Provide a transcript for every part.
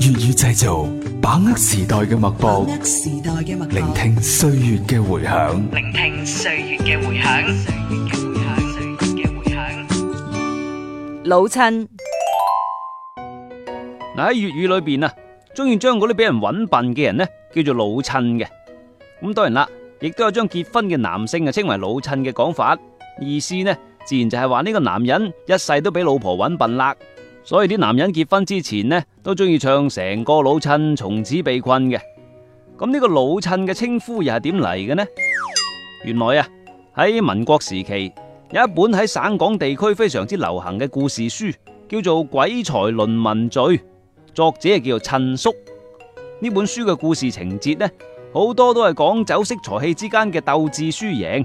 粵語製造，把握時代嘅脈搏，時代嘅脈搏，聆聽歲月嘅迴響。聆聽歲月嘅迴響，歲月嘅迴響，歲月嘅迴響。老襯親，嗱喺粵語裏邊啊，中意將嗰啲俾人搵笨嘅人叫做老襯嘅。咁當然啦，亦都有將結婚嘅男性啊稱為老襯嘅講法，意思呢，自然就係話呢個男人一世都俾老婆搵笨啦。所以啲男人結婚之前呢，都中意唱成個老襯從此被困嘅。咁呢個老襯嘅稱呼又係點嚟嘅呢？原來啊，喺民國時期有一本喺省港地區非常之流行嘅故事書，叫做《鬼才倫文敘》，作者係叫做襯叔。呢本書嘅故事情節呢，好多都係講酒色財氣之間嘅鬥智輸贏，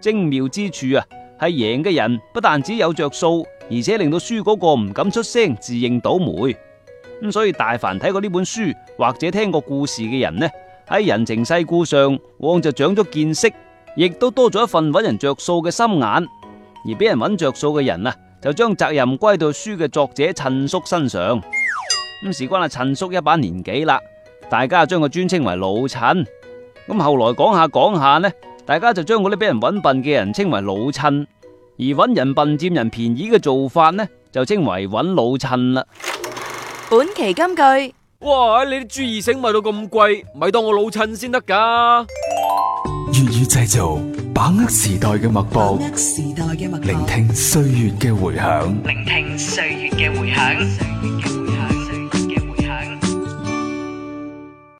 精妙之處啊，係贏嘅人不但只有着數，而且令到輸嗰個唔敢出聲，自認倒霉。咁所以大凡睇過呢本書或者聽過故事嘅人呢，喺人情世故上，往往就長咗見識，亦都多咗一份揾人着數嘅心眼。而俾人揾着數嘅人啊，就將責任歸到書嘅作者襯叔身上。咁事關阿襯叔一把年紀啦，大家啊將佢尊稱為老襯。咁後來講下講下呢？大家就將嗰啲俾人揾笨嘅人稱為老襯，而揾人笨佔人便宜嘅做法呢，就稱為揾老襯啦。本期金句，哇！你啲注意聲賣到咁貴，咪當我老襯先得噶。粵語製造，把握時代嘅脈搏，脈聆聽歲月嘅回響。